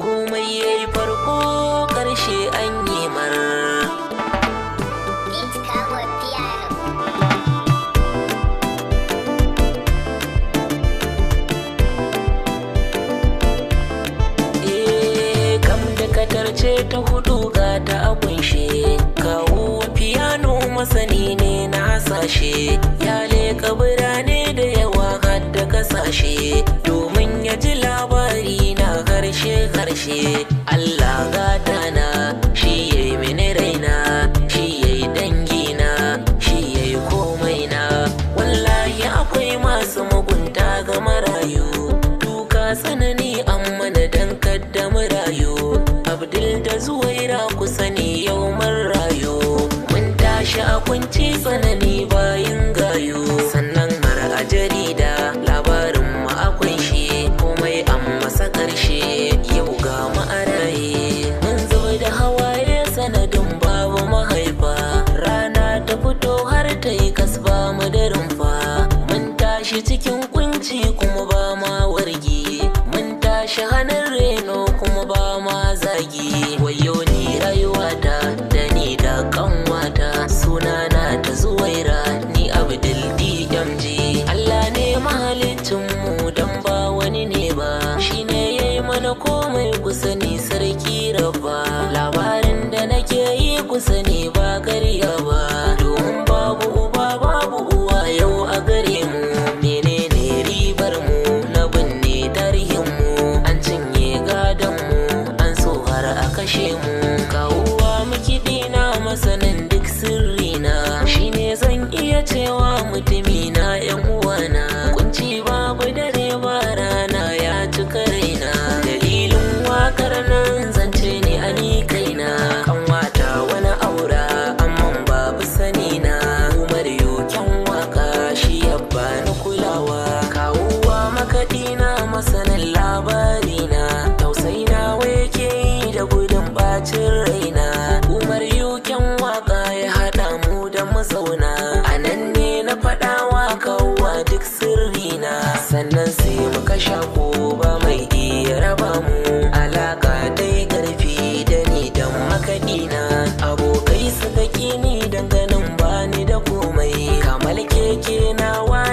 komai ya yi farko ƙarshe an yi mar eh, ce ta hudu ga ta akunshe kawo fiyano masani ne na hasashe ya leka birane da yawa har da kasashe domin ya ji karshe karshe Allah gata na shi yayi mini raina shi yayi dangi na shi yayi komai na wallahi akwai masu mugunta ga marayu duka tsanani amma na dan kadda marayu Abdul da Zuwaira ku sani yau mun rayu mun tashi a kunci tsanani bayin gayu sannan mara ajari tashi cikin kunci kuma ba ma wargi mun tashi hannun reno kuma ba ma zagi wayo ni rayuwata da ni da Suna na ta zuwaira ni abdul dmg allah ne mu don ba wani ne ba shine ya yi mana komai kusa ne, sarki rabba labarin da nake yi kusa ne ba karya ba kashe mu kawuwa makiɗi na masanin duk sirri sirrina shine zan iya cewa mutumi na yan da komai kamal keke nawa